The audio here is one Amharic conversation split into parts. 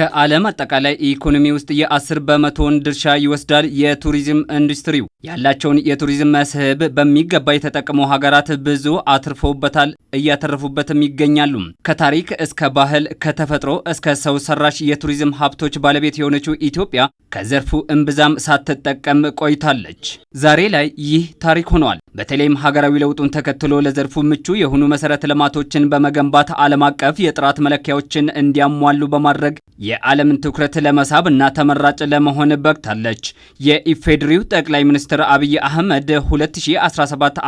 ከዓለም አጠቃላይ ኢኮኖሚ ውስጥ የአስር በመቶውን ድርሻ ይወስዳል። የቱሪዝም ኢንዱስትሪው ያላቸውን የቱሪዝም መስህብ በሚገባ የተጠቀሙ ሀገራት ብዙ አትርፈውበታል፣ እያተረፉበትም ይገኛሉ። ከታሪክ እስከ ባህል፣ ከተፈጥሮ እስከ ሰው ሰራሽ የቱሪዝም ሀብቶች ባለቤት የሆነችው ኢትዮጵያ ከዘርፉ እምብዛም ሳትጠቀም ቆይታለች። ዛሬ ላይ ይህ ታሪክ ሆኗል። በተለይም ሀገራዊ ለውጡን ተከትሎ ለዘርፉ ምቹ የሆኑ መሰረተ ልማቶችን በመገንባት ዓለም አቀፍ የጥራት መለኪያዎችን እንዲያሟሉ በማድረግ የዓለምን ትኩረት ለመሳብ እና ተመራጭ ለመሆን በቅታለች። የኢፌዴሪው ጠቅላይ ሚኒስትር አብይ አህመድ 2017-18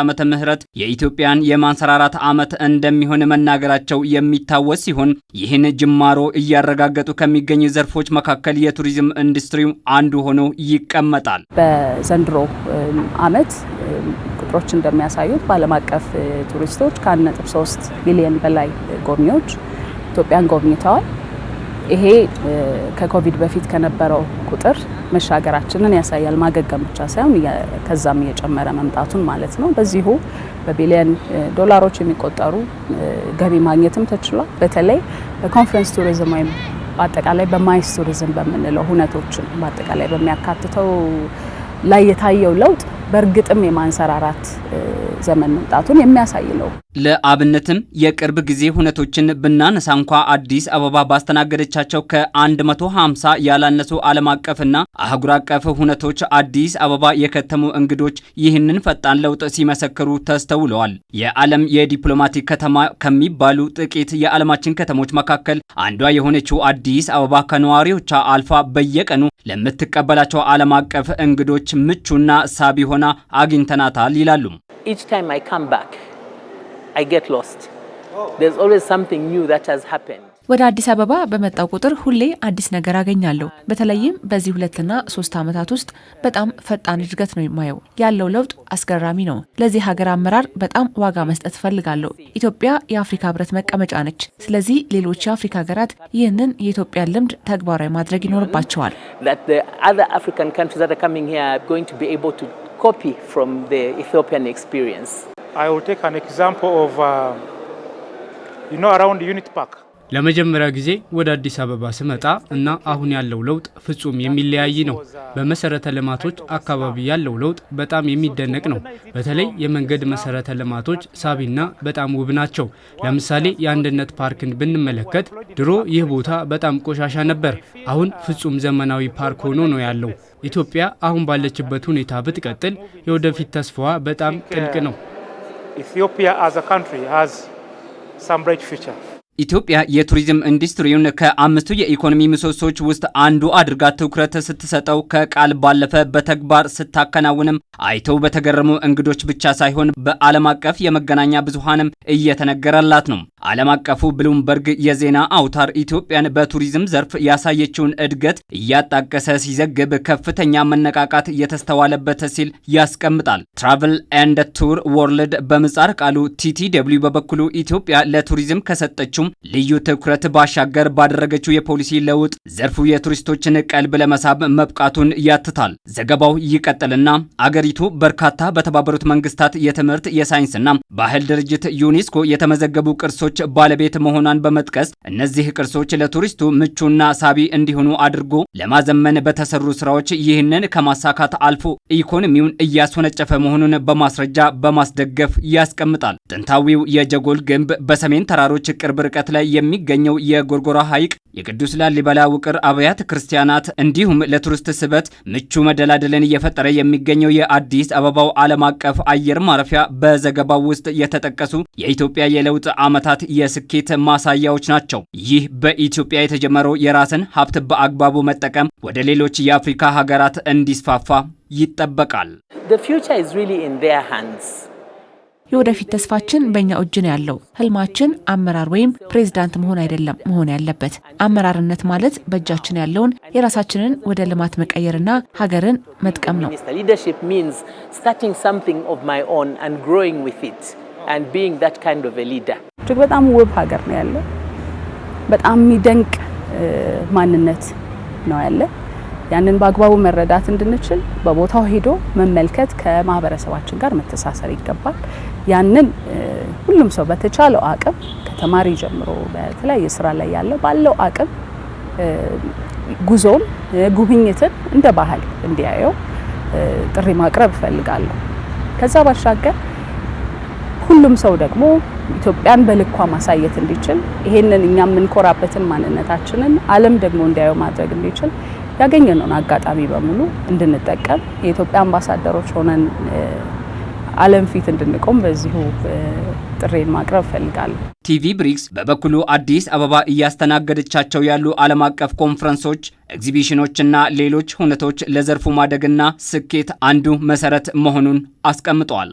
ዓ ምህረት የኢትዮጵያን የማንሰራራት ዓመት እንደሚሆን መናገራቸው የሚታወስ ሲሆን ይህን ጅማሮ እያረጋገጡ ከሚገኙ ዘርፎች መካከል የቱሪዝም ኢንዱስትሪ አንዱ ሆኖ ይቀመጣል። በዘንድሮ ዓመት ቁጥሮች እንደሚያሳዩት በዓለም አቀፍ ቱሪስቶች ከ1.3 ሚሊዮን በላይ ጎብኚዎች ኢትዮጵያን ጎብኝተዋል። ይሄ ከኮቪድ በፊት ከነበረው ቁጥር መሻገራችንን ያሳያል። ማገገም ብቻ ሳይሆን ከዛም እየጨመረ መምጣቱን ማለት ነው። በዚሁ በቢሊየን ዶላሮች የሚቆጠሩ ገቢ ማግኘትም ተችሏል። በተለይ በኮንፈረንስ ቱሪዝም ወይም በአጠቃላይ በማይስ ቱሪዝም በምንለው ሁነቶችን በአጠቃላይ በሚያካትተው ላይ የታየው ለውጥ በእርግጥም የማንሰራራት ዘመን መምጣቱን የሚያሳይ ነው። ለአብነትም የቅርብ ጊዜ ሁነቶችን ብናነሳ እንኳ አዲስ አበባ ባስተናገደቻቸው ከ150 ያላነሱ ዓለም አቀፍና አህጉር አቀፍ ሁነቶች አዲስ አበባ የከተሙ እንግዶች ይህንን ፈጣን ለውጥ ሲመሰክሩ ተስተውለዋል። የዓለም የዲፕሎማቲክ ከተማ ከሚባሉ ጥቂት የዓለማችን ከተሞች መካከል አንዷ የሆነችው አዲስ አበባ ከነዋሪዎቿ አልፋ በየቀኑ ለምትቀበላቸው ዓለም አቀፍ እንግዶች ምቹና ሳቢ ሆነ ሆና አግኝተናታል ይላሉ። ወደ አዲስ አበባ በመጣው ቁጥር ሁሌ አዲስ ነገር አገኛለሁ። በተለይም በዚህ ሁለትና ሶስት ዓመታት ውስጥ በጣም ፈጣን እድገት ነው የማየው። ያለው ለውጥ አስገራሚ ነው። ለዚህ ሀገር አመራር በጣም ዋጋ መስጠት እፈልጋለሁ። ኢትዮጵያ የአፍሪካ ሕብረት መቀመጫ ነች። ስለዚህ ሌሎች የአፍሪካ ሀገራት ይህንን የኢትዮጵያን ልምድ ተግባራዊ ማድረግ ይኖርባቸዋል። copy from the Ethiopian experience. I will take an example of, uh, you know, around Unit Park. ለመጀመሪያ ጊዜ ወደ አዲስ አበባ ስመጣ እና አሁን ያለው ለውጥ ፍጹም የሚለያይ ነው። በመሰረተ ልማቶች አካባቢ ያለው ለውጥ በጣም የሚደነቅ ነው። በተለይ የመንገድ መሰረተ ልማቶች ሳቢና በጣም ውብ ናቸው። ለምሳሌ የአንድነት ፓርክን ብንመለከት ድሮ ይህ ቦታ በጣም ቆሻሻ ነበር። አሁን ፍጹም ዘመናዊ ፓርክ ሆኖ ነው ያለው። ኢትዮጵያ አሁን ባለችበት ሁኔታ ብትቀጥል የወደፊት ተስፋዋ በጣም ጥልቅ ነው። ኢትዮጵያ as a country has some ኢትዮጵያ የቱሪዝም ኢንዱስትሪውን ከአምስቱ የኢኮኖሚ ምሰሶች ውስጥ አንዱ አድርጋ ትኩረት ስትሰጠው ከቃል ባለፈ በተግባር ስታከናውንም አይተው በተገረሙ እንግዶች ብቻ ሳይሆን በዓለም አቀፍ የመገናኛ ብዙሃንም እየተነገረላት ነው። ዓለም አቀፉ ብሉምበርግ የዜና አውታር ኢትዮጵያን በቱሪዝም ዘርፍ ያሳየችውን እድገት እያጣቀሰ ሲዘግብ ከፍተኛ መነቃቃት እየተስተዋለበት ሲል ያስቀምጣል። ትራቭል ኤንድ ቱር ወርልድ በምጻር ቃሉ ቲቲደብልዩ በበኩሉ ኢትዮጵያ ለቱሪዝም ከሰጠችው ከተሞቹም ልዩ ትኩረት ባሻገር ባደረገችው የፖሊሲ ለውጥ ዘርፉ የቱሪስቶችን ቀልብ ለመሳብ መብቃቱን ያትታል። ዘገባው ይቀጥልና አገሪቱ በርካታ በተባበሩት መንግስታት የትምህርት የሳይንስና ባህል ድርጅት ዩኔስኮ የተመዘገቡ ቅርሶች ባለቤት መሆኗን በመጥቀስ እነዚህ ቅርሶች ለቱሪስቱ ምቹና ሳቢ እንዲሆኑ አድርጎ ለማዘመን በተሰሩ ስራዎች ይህንን ከማሳካት አልፎ ኢኮኖሚውን እያስወነጨፈ መሆኑን በማስረጃ በማስደገፍ ያስቀምጣል። ጥንታዊው የጀጎል ግንብ በሰሜን ተራሮች ቅርብ ርቀት ላይ የሚገኘው የጎርጎራ ሐይቅ የቅዱስ ላሊበላ ውቅር አብያተ ክርስቲያናት እንዲሁም ለቱሪስት ስበት ምቹ መደላደልን እየፈጠረ የሚገኘው የአዲስ አበባው ዓለም አቀፍ አየር ማረፊያ በዘገባው ውስጥ የተጠቀሱ የኢትዮጵያ የለውጥ ዓመታት የስኬት ማሳያዎች ናቸው። ይህ በኢትዮጵያ የተጀመረው የራስን ሀብት በአግባቡ መጠቀም ወደ ሌሎች የአፍሪካ ሀገራት እንዲስፋፋ ይጠበቃል። የወደፊት ተስፋችን በእኛ እጅ ነው ያለው። ህልማችን አመራር ወይም ፕሬዚዳንት መሆን አይደለም መሆን ያለበት። አመራርነት ማለት በእጃችን ያለውን የራሳችንን ወደ ልማት መቀየርና ሀገርን መጥቀም ነው። እጅግ በጣም ውብ ሀገር ነው ያለ። በጣም የሚደንቅ ማንነት ነው ያለ። ያንን በአግባቡ መረዳት እንድንችል በቦታው ሄዶ መመልከት፣ ከማህበረሰባችን ጋር መተሳሰር ይገባል። ያንን ሁሉም ሰው በተቻለው አቅም ከተማሪ ጀምሮ በተለያየ ስራ ላይ ያለው ባለው አቅም ጉዞን፣ ጉብኝትን እንደ ባህል እንዲያየው ጥሪ ማቅረብ እፈልጋለሁ። ከዛ ባሻገር ሁሉም ሰው ደግሞ ኢትዮጵያን በልኳ ማሳየት እንዲችል ይሄንን እኛ የምንኮራበትን ማንነታችንን ዓለም ደግሞ እንዲያየው ማድረግ እንዲችል ያገኘነውን አጋጣሚ በሙሉ እንድንጠቀም የኢትዮጵያ አምባሳደሮች ሆነን ዓለም ፊት እንድንቆም በዚሁ ጥሬን ማቅረብ እፈልጋለሁ። ቲቪ ብሪክስ በበኩሉ አዲስ አበባ እያስተናገደቻቸው ያሉ ዓለም አቀፍ ኮንፈረንሶች፣ ኤግዚቢሽኖችና ሌሎች ሁነቶች ለዘርፉ ማደግና ስኬት አንዱ መሰረት መሆኑን አስቀምጧል።